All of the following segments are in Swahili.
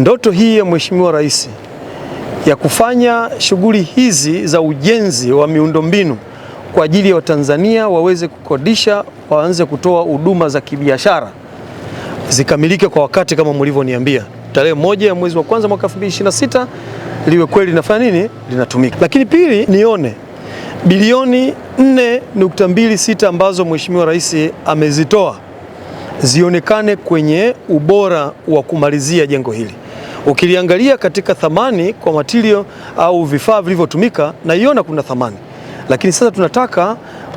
Ndoto hii ya Mheshimiwa Rais ya kufanya shughuli hizi za ujenzi wa miundombinu kwa ajili ya Watanzania waweze kukodisha, waanze kutoa huduma za kibiashara zikamilike kwa wakati kama mlivyoniambia, tarehe moja ya mwezi wa kwanza mwaka 2026 liwe kweli linafanya nini, linatumika. Lakini pili, nione bilioni 4.26 ambazo Mheshimiwa Rais amezitoa zionekane kwenye ubora wa kumalizia jengo hili. Ukiliangalia katika thamani kwa matirio au vifaa vilivyotumika, naiona kuna thamani, lakini sasa tunataka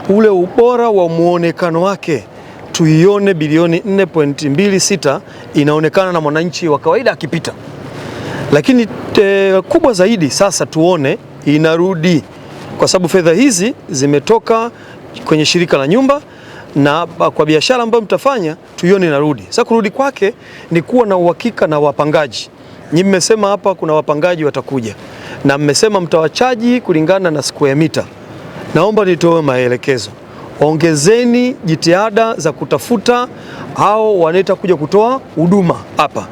ule ubora wa muonekano wake tuione bilioni 4.26 inaonekana na mwananchi wa kawaida akipita. Lakini te, eh, kubwa zaidi sasa tuone inarudi, kwa sababu fedha hizi zimetoka kwenye shirika la nyumba na kwa biashara ambayo mtafanya, tuione inarudi. Sasa kurudi kwake ni kuwa na uhakika na wapangaji Nyi mmesema hapa kuna wapangaji watakuja na mmesema mtawachaji kulingana na square meter. Naomba nitoe maelekezo, ongezeni jitihada za kutafuta hao wanaita kuja kutoa huduma hapa,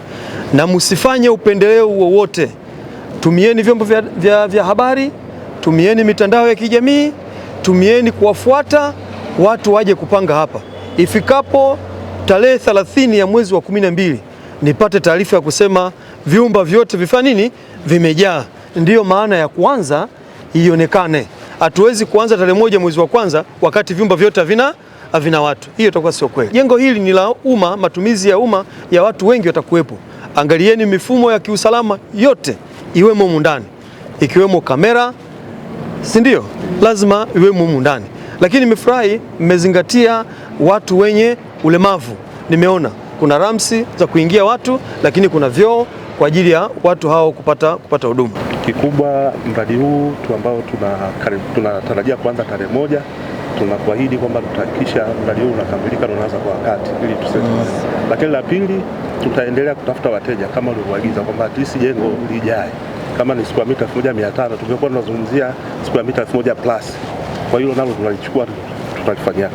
na msifanye upendeleo wowote. Tumieni vyombo vya, vya, vya habari, tumieni mitandao ya kijamii, tumieni kuwafuata watu waje kupanga hapa ifikapo tarehe 30 ya mwezi wa 12 nipate taarifa ya kusema vyumba vyote vifanya nini, vimejaa. Ndiyo maana ya kwanza ionekane. Hatuwezi kuanza tarehe moja mwezi wa kwanza wakati vyumba vyote havina havina watu, hiyo itakuwa sio kweli. Jengo hili ni la umma, matumizi ya umma ya watu wengi watakuwepo. Angalieni mifumo ya kiusalama yote iwemo humu ndani, ikiwemo kamera, si ndio? Lazima iwemo humu ndani, lakini nimefurahi mmezingatia watu wenye ulemavu, nimeona kuna ramsi za kuingia watu, lakini kuna vyoo kwa ajili ya watu hao kupata kupata huduma. Kikubwa mradi huu tu ambao tunatarajia kuanza tarehe moja, tunakuahidi kwamba tutahakikisha mradi huu unakamilika na unaanza kwa wakati ili tuse mm. Lakini la pili, tutaendelea kutafuta wateja kama ulivyoagiza kwamba tisi jengo lijae kama ni ya mita 1500 tungekuwa tunazungumzia ya mita 1000 plus. Kwa hilo nalo tunalichukua tutalifanyia